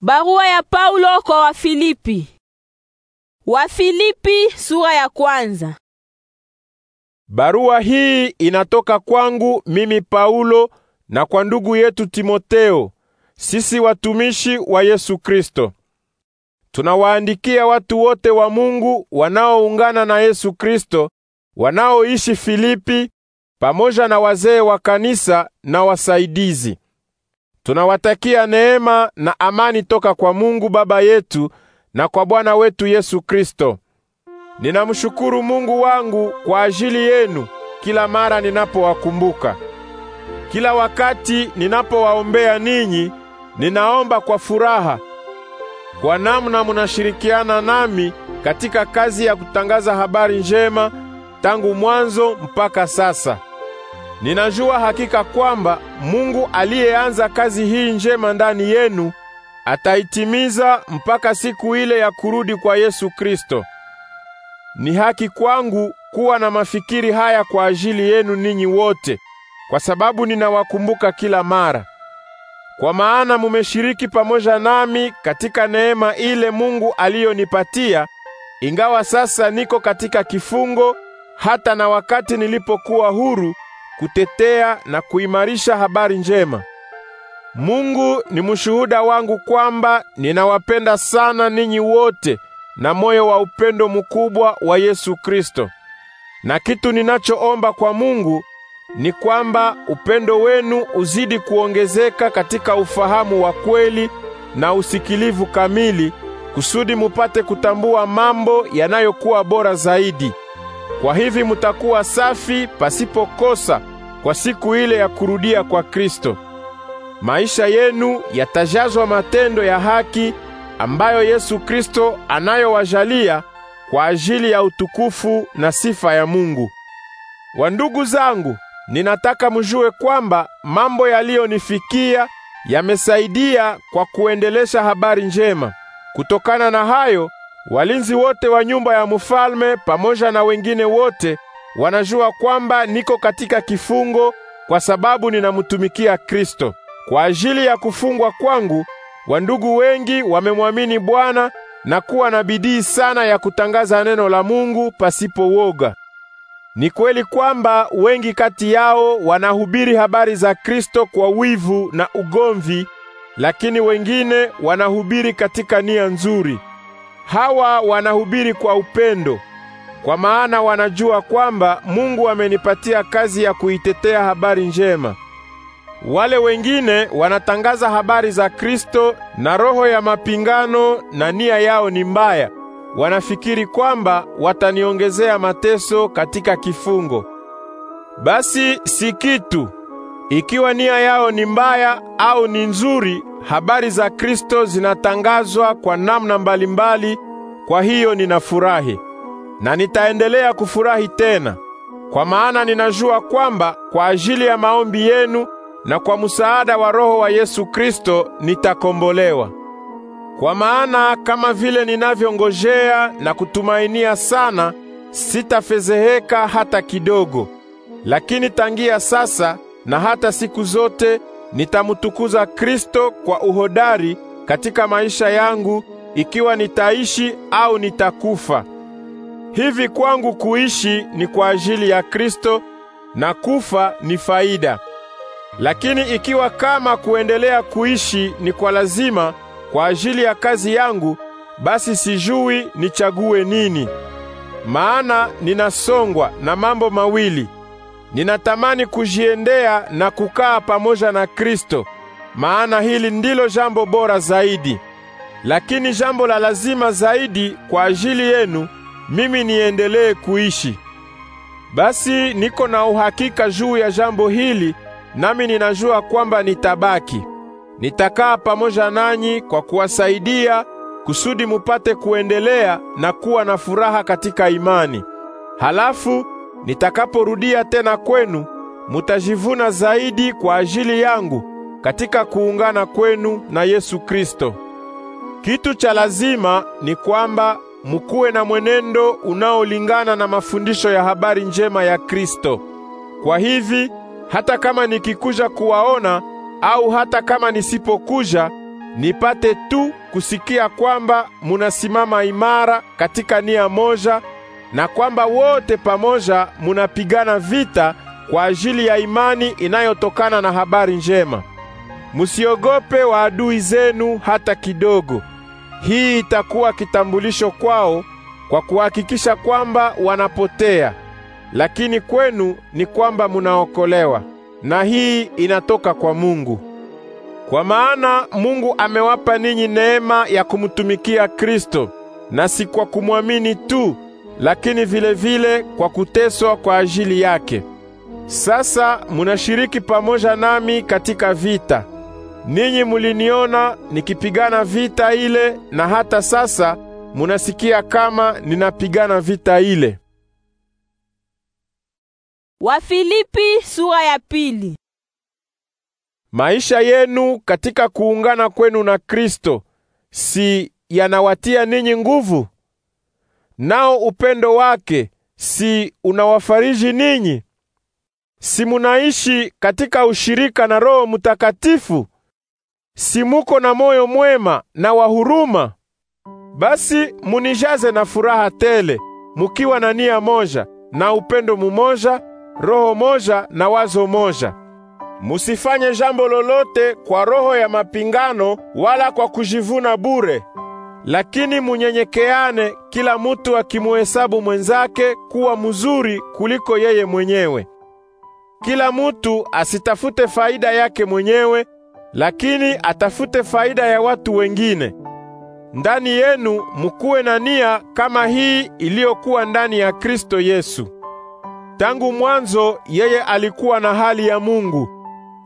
Barua ya Paulo kwa Wafilipi. Wafilipi sura ya kwanza. Barua hii inatoka kwangu mimi Paulo na kwa ndugu yetu Timoteo, sisi watumishi wa Yesu Kristo. Tunawaandikia watu wote wa Mungu wanaoungana na Yesu Kristo, wanaoishi Filipi, pamoja na wazee wa kanisa na wasaidizi. Tunawatakia neema na amani toka kwa Mungu Baba yetu na kwa Bwana wetu Yesu Kristo. Ninamshukuru Mungu wangu kwa ajili yenu kila mara ninapowakumbuka. Kila wakati ninapowaombea ninyi, ninaomba kwa furaha kwa namna munashirikiana nami katika kazi ya kutangaza habari njema tangu mwanzo mpaka sasa. Ninajua hakika kwamba Mungu aliyeanza kazi hii njema ndani yenu ataitimiza mpaka siku ile ya kurudi kwa Yesu Kristo. Ni haki kwangu kuwa na mafikiri haya kwa ajili yenu ninyi wote, kwa sababu ninawakumbuka kila mara. Kwa maana mumeshiriki pamoja nami katika neema ile Mungu aliyonipatia, ingawa sasa niko katika kifungo, hata na wakati nilipokuwa huru kutetea na kuimarisha habari njema. Mungu ni mshuhuda wangu kwamba ninawapenda sana ninyi wote na moyo wa upendo mkubwa wa Yesu Kristo. Na kitu ninachoomba kwa Mungu ni kwamba upendo wenu uzidi kuongezeka katika ufahamu wa kweli na usikilivu kamili, kusudi mupate kutambua mambo yanayokuwa bora zaidi kwa hivi mutakuwa safi pasipokosa kwa siku ile ya kurudia kwa Kristo. Maisha yenu yatajazwa matendo ya haki ambayo Yesu Kristo anayowajalia kwa ajili ya utukufu na sifa ya Mungu. Wandugu zangu, ninataka mjue kwamba mambo yaliyonifikia yamesaidia kwa kuendelesha habari njema. Kutokana na hayo Walinzi wote wa nyumba ya mfalme pamoja na wengine wote wanajua kwamba niko katika kifungo kwa sababu ninamtumikia Kristo. Kwa ajili ya kufungwa kwangu, wandugu wengi wamemwamini Bwana na kuwa na bidii sana ya kutangaza neno la Mungu pasipo woga. Ni kweli kwamba wengi kati yao wanahubiri habari za Kristo kwa wivu na ugomvi, lakini wengine wanahubiri katika nia nzuri. Hawa wanahubiri kwa upendo, kwa maana wanajua kwamba Mungu amenipatia kazi ya kuitetea habari njema. Wale wengine wanatangaza habari za Kristo na roho ya mapingano, na nia yao ni mbaya. Wanafikiri kwamba wataniongezea mateso katika kifungo. Basi si kitu ikiwa nia yao ni mbaya au ni nzuri, habari za Kristo zinatangazwa kwa namna mbalimbali. Kwa hiyo ninafurahi na nitaendelea kufurahi tena, kwa maana ninajua kwamba kwa ajili ya maombi yenu na kwa msaada wa Roho wa Yesu Kristo nitakombolewa. Kwa maana kama vile ninavyongojea na kutumainia sana, sitafezeheka hata kidogo. Lakini tangia sasa na hata siku zote nitamtukuza Kristo kwa uhodari katika maisha yangu, ikiwa nitaishi au nitakufa. Hivi kwangu kuishi ni kwa ajili ya Kristo na kufa ni faida. Lakini ikiwa kama kuendelea kuishi ni kwa lazima kwa ajili ya kazi yangu, basi sijui nichague nini. Maana ninasongwa na mambo mawili. Ninatamani kujiendea na kukaa pamoja na Kristo, maana hili ndilo jambo bora zaidi. Lakini jambo la lazima zaidi kwa ajili yenu mimi niendelee kuishi. Basi niko na uhakika juu ya jambo hili, nami ninajua kwamba nitabaki. Nitakaa pamoja nanyi kwa kuwasaidia kusudi mupate kuendelea na kuwa na furaha katika imani. Halafu nitakaporudia tena kwenu, mutajivuna zaidi kwa ajili yangu katika kuungana kwenu na Yesu Kristo. Kitu cha lazima ni kwamba mukuwe na mwenendo unaolingana na mafundisho ya habari njema ya Kristo. Kwa hivi hata kama nikikuja kuwaona au hata kama nisipokuja, nipate tu kusikia kwamba munasimama imara katika nia moja na kwamba wote pamoja munapigana vita kwa ajili ya imani inayotokana na habari njema. Musiogope waadui zenu hata kidogo. Hii itakuwa kitambulisho kwao kwa kuhakikisha kwamba wanapotea, lakini kwenu ni kwamba munaokolewa, na hii inatoka kwa Mungu. Kwa maana Mungu amewapa ninyi neema ya kumtumikia Kristo, na si kwa kumwamini tu lakini vile vile kwa kuteswa kwa ajili yake. Sasa munashiriki pamoja nami katika vita. Ninyi muliniona nikipigana vita ile, na hata sasa munasikia kama ninapigana vita ile. Wafilipi sura ya pili. Maisha yenu katika kuungana kwenu na Kristo si yanawatia ninyi nguvu? Nao upendo wake si unawafariji ninyi? Si munaishi katika ushirika na Roho Mtakatifu? Si muko na moyo mwema na wa huruma? Basi munijaze na furaha tele, mukiwa na nia moja na upendo mumoja, roho moja na wazo moja. Musifanye jambo lolote kwa roho ya mapingano wala kwa kujivuna bure. Lakini munyenyekeane kila mutu akimuhesabu mwenzake kuwa mzuri kuliko yeye mwenyewe. Kila mutu asitafute faida yake mwenyewe, lakini atafute faida ya watu wengine. Ndani yenu mukuwe na nia kama hii iliyokuwa ndani ya Kristo Yesu. Tangu mwanzo yeye alikuwa na hali ya Mungu,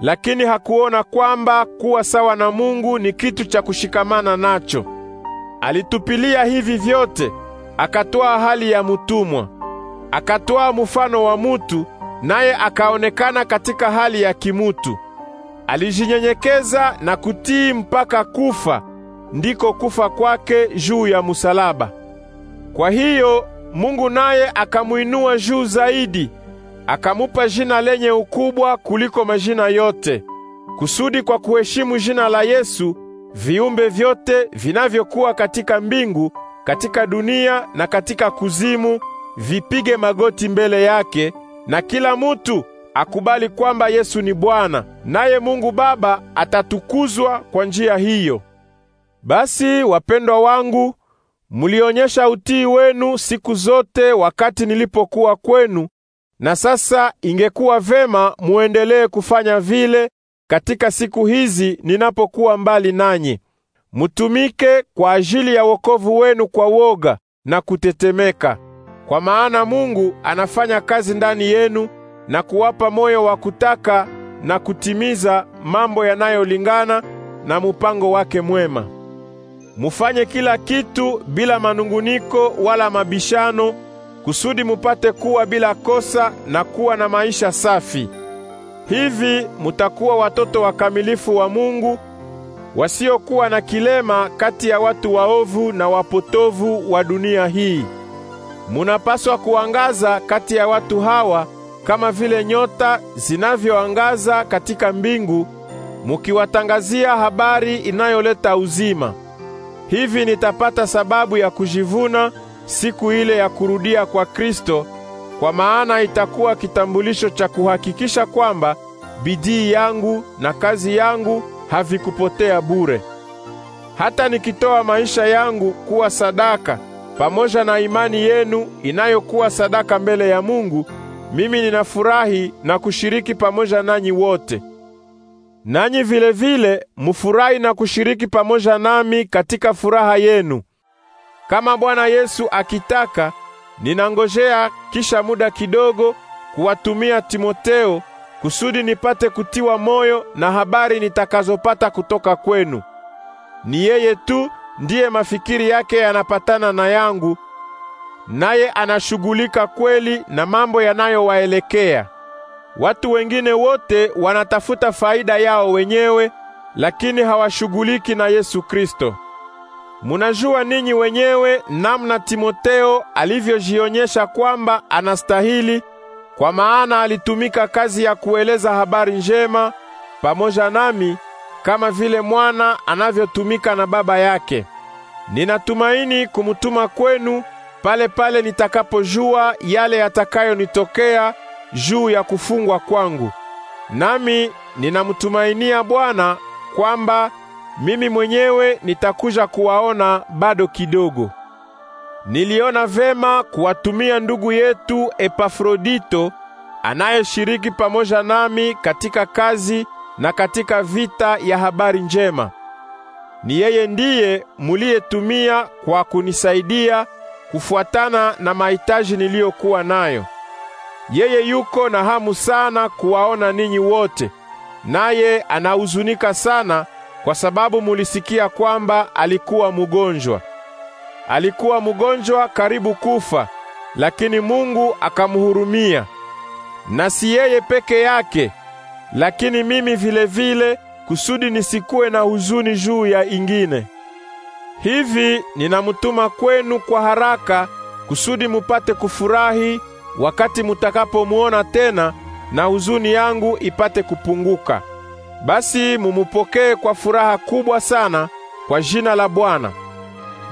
lakini hakuona kwamba kuwa sawa na Mungu ni kitu cha kushikamana nacho. Alitupilia hivi vyote, akatoa hali ya mtumwa, akatoa mfano wa mutu, naye akaonekana katika hali ya kimutu. Alijinyenyekeza na kutii mpaka kufa, ndiko kufa kwake juu ya musalaba. Kwa hiyo Mungu naye akamuinua juu zaidi, akamupa jina lenye ukubwa kuliko majina yote, kusudi kwa kuheshimu jina la Yesu viumbe vyote vinavyokuwa katika mbingu, katika dunia na katika kuzimu vipige magoti mbele yake, na kila mutu akubali kwamba Yesu ni Bwana, naye Mungu Baba atatukuzwa kwa njia hiyo. Basi wapendwa wangu, mulionyesha utii wenu siku zote wakati nilipokuwa kwenu, na sasa ingekuwa vema muendelee kufanya vile katika siku hizi ninapokuwa mbali nanyi, mutumike kwa ajili ya wokovu wenu kwa woga na kutetemeka, kwa maana Mungu anafanya kazi ndani yenu na kuwapa moyo wa kutaka na kutimiza mambo yanayolingana na mupango wake mwema. Mufanye kila kitu bila manunguniko wala mabishano, kusudi mupate kuwa bila kosa na kuwa na maisha safi Hivi mutakuwa watoto wakamilifu wa Mungu, wasiokuwa na kilema kati ya watu waovu na wapotovu wa dunia hii. Munapaswa kuangaza kati ya watu hawa kama vile nyota zinavyoangaza katika mbingu, mukiwatangazia habari inayoleta uzima. Hivi nitapata sababu ya kujivuna siku ile ya kurudia kwa Kristo kwa maana itakuwa kitambulisho cha kuhakikisha kwamba bidii yangu na kazi yangu havikupotea bure. Hata nikitoa maisha yangu kuwa sadaka pamoja na imani yenu inayokuwa sadaka mbele ya Mungu, mimi ninafurahi na kushiriki pamoja nanyi wote. Nanyi vile vile mufurahi na kushiriki pamoja nami katika furaha yenu. Kama Bwana Yesu akitaka, Ninangojea kisha muda kidogo kuwatumia Timoteo kusudi nipate kutiwa moyo na habari nitakazopata kutoka kwenu. Ni yeye tu ndiye mafikiri yake yanapatana na yangu, naye anashughulika kweli na mambo yanayowaelekea. Watu wengine wote wanatafuta faida yao wenyewe, lakini hawashughuliki na Yesu Kristo. Munajua ninyi wenyewe namna Timoteo alivyojionyesha kwamba anastahili, kwa maana alitumika kazi ya kueleza habari njema pamoja nami kama vile mwana anavyotumika na baba yake. Ninatumaini kumutuma kwenu pale pale nitakapojua yale yatakayonitokea juu ya kufungwa kwangu. Nami ninamtumainia Bwana kwamba mimi mwenyewe nitakuja kuwaona bado kidogo. Niliona vema kuwatumia ndugu yetu Epafrodito anayeshiriki pamoja nami katika kazi na katika vita ya habari njema. Ni yeye ndiye muliyetumia kwa kunisaidia kufuatana na mahitaji niliyokuwa nayo. Yeye yuko na hamu sana kuwaona ninyi wote, naye anahuzunika sana kwa sababu mulisikia kwamba alikuwa mgonjwa. Alikuwa mgonjwa karibu kufa, lakini Mungu akamhurumia, na si yeye peke yake, lakini mimi vile vile, kusudi nisikuwe na huzuni juu ya ingine. Hivi ninamutuma kwenu kwa haraka, kusudi mupate kufurahi wakati mutakapomuona tena, na huzuni yangu ipate kupunguka. Basi mumupokee kwa furaha kubwa sana kwa jina la Bwana.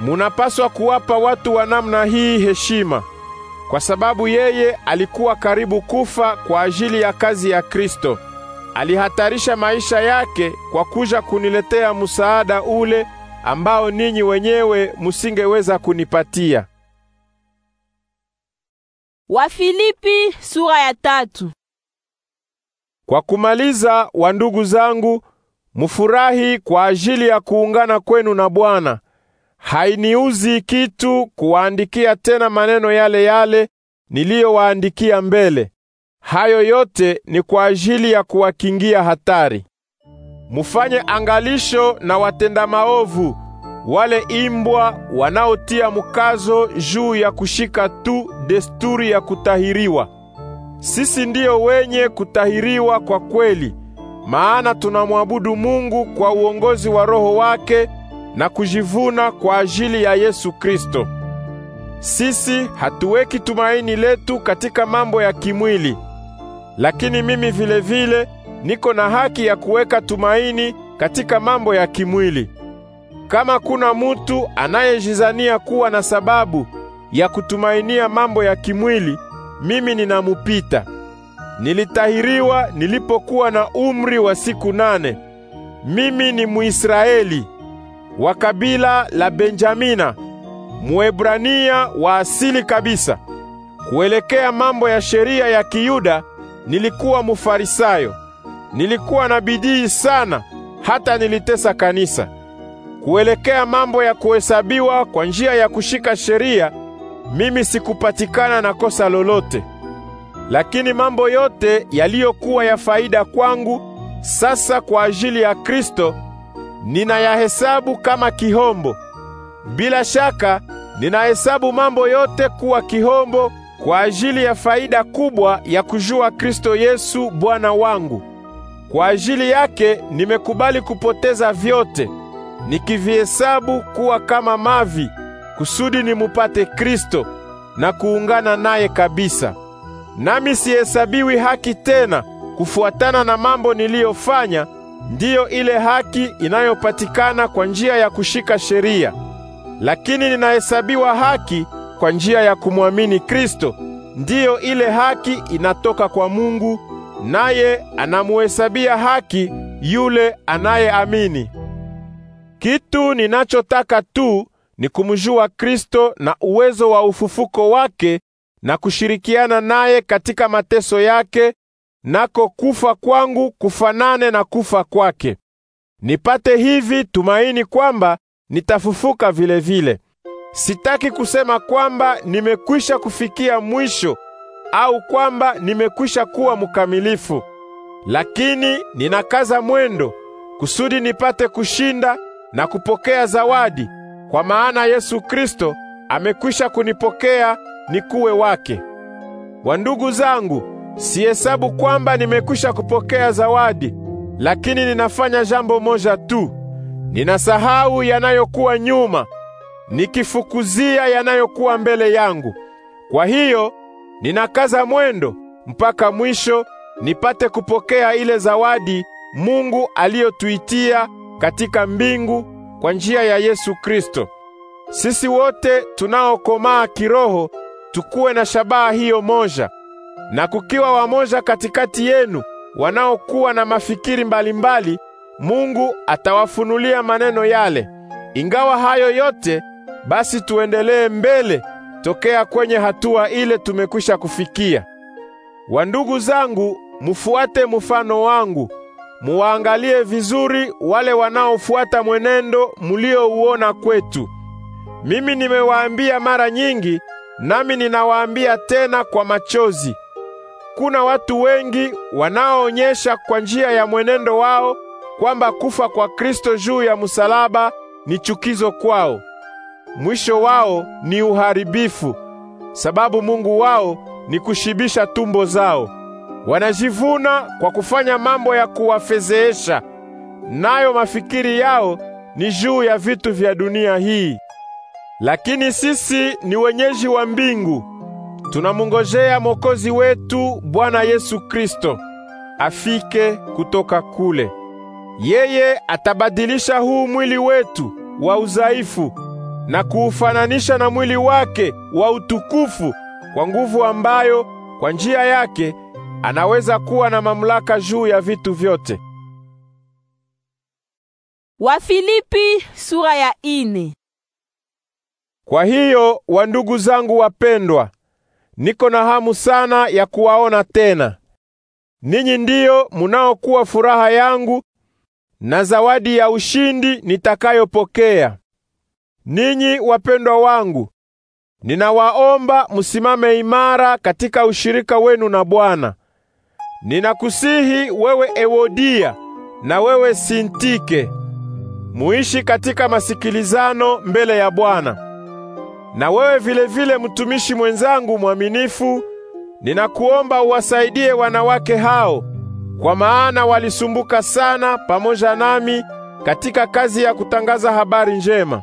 Munapaswa kuwapa watu wa namna hii heshima, kwa sababu yeye alikuwa karibu kufa kwa ajili ya kazi ya Kristo. Alihatarisha maisha yake kwa kuja kuniletea msaada ule ambao ninyi wenyewe musingeweza kunipatia. Wafilipi sura ya tatu. Kwa kumaliza, wandugu zangu, mufurahi kwa ajili ya kuungana kwenu na Bwana. Hainiuzi kitu kuwaandikia tena maneno yale yale niliyowaandikia mbele. Hayo yote ni kwa ajili ya kuwakingia hatari. Mufanye angalisho na watenda maovu, wale imbwa wanaotia mkazo juu ya kushika tu desturi ya kutahiriwa. Sisi ndiyo wenye kutahiriwa kwa kweli, maana tunamwabudu Mungu kwa uongozi wa Roho wake na kujivuna kwa ajili ya Yesu Kristo. Sisi hatuweki tumaini letu katika mambo ya kimwili, lakini mimi vile vile niko na haki ya kuweka tumaini katika mambo ya kimwili. Kama kuna mutu anayejizania kuwa na sababu ya kutumainia mambo ya kimwili, mimi ninamupita. Nilitahiriwa nilipokuwa na umri wa siku nane. Mimi ni Muisraeli wa kabila la Benjamina, Muebrania wa asili kabisa. Kuelekea mambo ya sheria ya Kiyuda nilikuwa Mufarisayo. Nilikuwa na bidii sana hata nilitesa kanisa. Kuelekea mambo ya kuhesabiwa kwa njia ya kushika sheria mimi sikupatikana na kosa lolote, lakini mambo yote yaliyokuwa ya faida kwangu sasa kwa ajili ya Kristo ninayahesabu kama kihombo. Bila shaka ninahesabu mambo yote kuwa kihombo kwa ajili ya faida kubwa ya kujua Kristo Yesu Bwana wangu. Kwa ajili yake nimekubali kupoteza vyote nikivihesabu kuwa kama mavi kusudi nimupate Kristo na kuungana naye kabisa. Nami sihesabiwi haki tena kufuatana na mambo niliyofanya, ndiyo ile haki inayopatikana kwa njia ya kushika sheria, lakini ninahesabiwa haki kwa njia ya kumwamini Kristo, ndiyo ile haki inatoka kwa Mungu, naye anamuhesabia haki yule anayeamini. Kitu ninachotaka tu ni kumjua Kristo na uwezo wa ufufuko wake na kushirikiana naye katika mateso yake, nako kufa kwangu kufanane na kufa kwake, nipate hivi tumaini kwamba nitafufuka vile vile. Sitaki kusema kwamba nimekwisha kufikia mwisho au kwamba nimekwisha kuwa mkamilifu, lakini ninakaza mwendo kusudi nipate kushinda na kupokea zawadi kwa maana Yesu Kristo amekwisha kunipokea nikuwe wake. Wandugu zangu, sihesabu kwamba nimekwisha kupokea zawadi, lakini ninafanya jambo moja tu: ninasahau yanayokuwa nyuma, nikifukuzia yanayokuwa mbele yangu. Kwa hiyo ninakaza mwendo mpaka mwisho, nipate kupokea ile zawadi Mungu aliyotuitia katika mbingu kwa njia ya Yesu Kristo. Sisi wote tunaokomaa kiroho tukuwe na shabaha hiyo moja, na kukiwa wamoja katikati yenu wanaokuwa na mafikiri mbalimbali, Mungu atawafunulia maneno yale. Ingawa hayo yote, basi tuendelee mbele tokea kwenye hatua ile tumekwisha kufikia. Wandugu zangu, mufuate mfano wangu muwaangalie vizuri wale wanaofuata mwenendo muliouona kwetu. Mimi nimewaambia mara nyingi, nami ninawaambia tena kwa machozi. Kuna watu wengi wanaoonyesha kwa njia ya mwenendo wao kwamba kufa kwa Kristo juu ya msalaba ni chukizo kwao. Mwisho wao ni uharibifu, sababu Mungu wao ni kushibisha tumbo zao. Wanajivuna kwa kufanya mambo ya kuwafezeesha, nayo mafikiri yao ni juu ya vitu vya dunia hii. Lakini sisi ni wenyeji wa mbingu, tunamungojea Mwokozi wetu Bwana Yesu Kristo afike kutoka kule. Yeye atabadilisha huu mwili wetu wa udhaifu na kuufananisha na mwili wake wa utukufu kwa nguvu ambayo kwa njia yake anaweza kuwa na mamlaka juu ya vitu vyote. Wafilipi sura ya ine. Kwa hiyo wandugu zangu wapendwa, niko na hamu sana ya kuwaona tena. Ninyi ndiyo munaokuwa furaha yangu na zawadi ya ushindi nitakayopokea. Ninyi wapendwa wangu, ninawaomba musimame imara katika ushirika wenu na Bwana. Ninakusihi wewe Ewodia na wewe Sintike, muishi katika masikilizano mbele ya Bwana. Na wewe vile vile mtumishi mwenzangu mwaminifu, ninakuomba uwasaidie wanawake hao, kwa maana walisumbuka sana pamoja nami katika kazi ya kutangaza habari njema.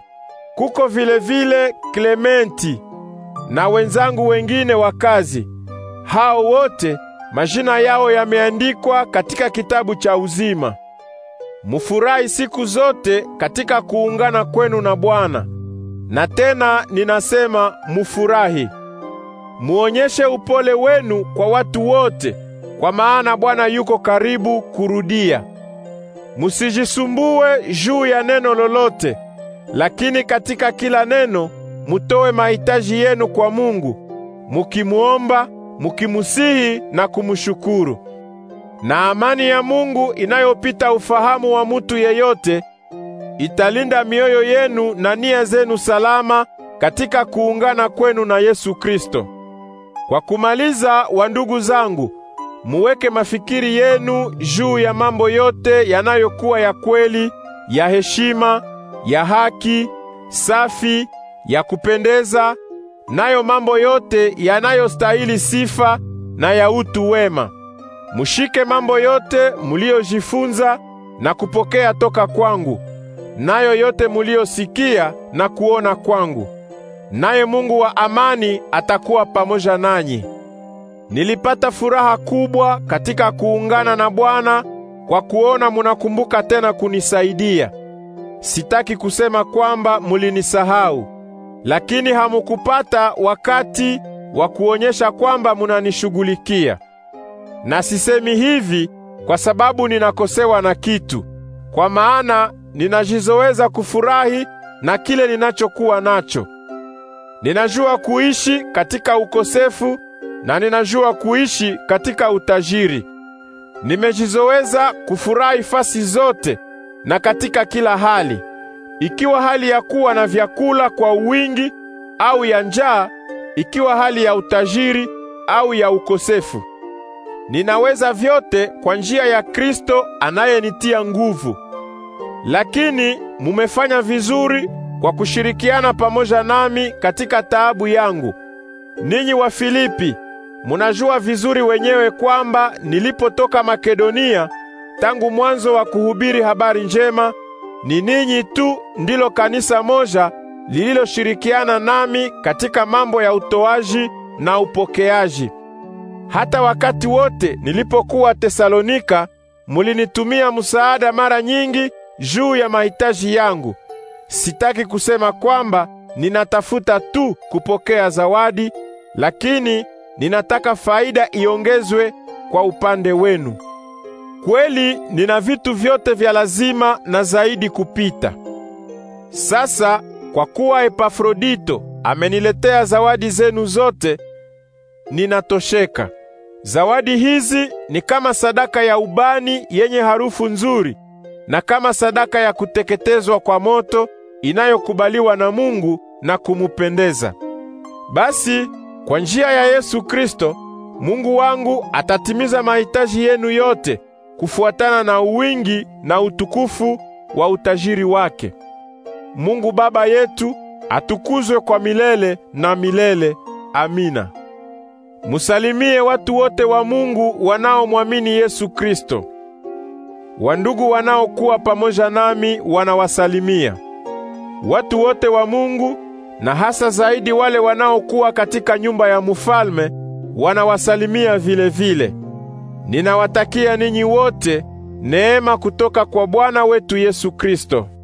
Kuko vile vile Klementi na wenzangu wengine wa kazi. Hao wote Majina yao yameandikwa katika kitabu cha uzima. Mufurahi siku zote katika kuungana kwenu na Bwana. Na tena ninasema mufurahi. Muonyeshe upole wenu kwa watu wote, kwa maana Bwana yuko karibu kurudia. Musijisumbue juu ya neno lolote, lakini katika kila neno mutoe mahitaji yenu kwa Mungu, mukimuomba mukimusihi na kumshukuru. Na amani ya Mungu inayopita ufahamu wa mutu yeyote italinda mioyo yenu na nia zenu salama katika kuungana kwenu na Yesu Kristo. Kwa kumaliza, wandugu zangu, muweke mafikiri yenu juu ya mambo yote yanayokuwa ya kweli, ya heshima, ya haki, safi, ya kupendeza nayo mambo yote yanayostahili sifa na ya utu wema. Mushike mambo yote muliyojifunza na kupokea toka kwangu, nayo yote muliyosikia na kuona kwangu, naye Mungu wa amani atakuwa pamoja nanyi. Nilipata furaha kubwa katika kuungana na Bwana kwa kuona munakumbuka tena kunisaidia. Sitaki kusema kwamba mulinisahau, lakini hamukupata wakati wa kuonyesha kwamba munanishughulikia. Na sisemi hivi kwa sababu ninakosewa na kitu, kwa maana ninajizoweza kufurahi na kile ninachokuwa nacho. Ninajua kuishi katika ukosefu na ninajua kuishi katika utajiri. Nimejizoweza kufurahi fasi zote na katika kila hali ikiwa hali ya kuwa na vyakula kwa wingi au ya njaa, ikiwa hali ya utajiri au ya ukosefu. Ninaweza vyote kwa njia ya Kristo anayenitia nguvu. Lakini mumefanya vizuri kwa kushirikiana pamoja nami katika taabu yangu. Ninyi wa Filipi, munajua vizuri wenyewe kwamba nilipotoka Makedonia tangu mwanzo wa kuhubiri habari njema ni ninyi tu ndilo kanisa moja lililoshirikiana nami katika mambo ya utoaji na upokeaji. Hata wakati wote nilipokuwa Tesalonika, mulinitumia msaada mara nyingi juu ya mahitaji yangu. Sitaki kusema kwamba ninatafuta tu kupokea zawadi, lakini ninataka faida iongezwe kwa upande wenu. Kweli nina vitu vyote vya lazima na zaidi kupita. Sasa kwa kuwa Epafrodito ameniletea zawadi zenu zote, ninatosheka. Zawadi hizi ni kama sadaka ya ubani yenye harufu nzuri na kama sadaka ya kuteketezwa kwa moto inayokubaliwa na Mungu na kumupendeza. Basi kwa njia ya Yesu Kristo, Mungu wangu atatimiza mahitaji yenu yote kufuatana na wingi na utukufu wa utajiri wake. Mungu Baba yetu atukuzwe kwa milele na milele. Amina. Musalimie watu wote wa Mungu wanaomwamini Yesu Kristo. Wandugu wanaokuwa pamoja nami wanawasalimia. Watu wote wa Mungu na hasa zaidi wale wanaokuwa katika nyumba ya mufalme wanawasalimia vile vile. Ninawatakia ninyi wote neema kutoka kwa Bwana wetu Yesu Kristo.